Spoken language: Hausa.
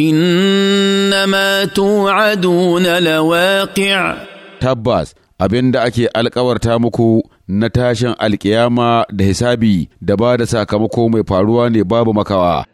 إنما توعدون لواقع تباس abin da ake alkawarta muku na tashin alƙiyama da hisabi da ba da sakamako mai faruwa ne babu makawa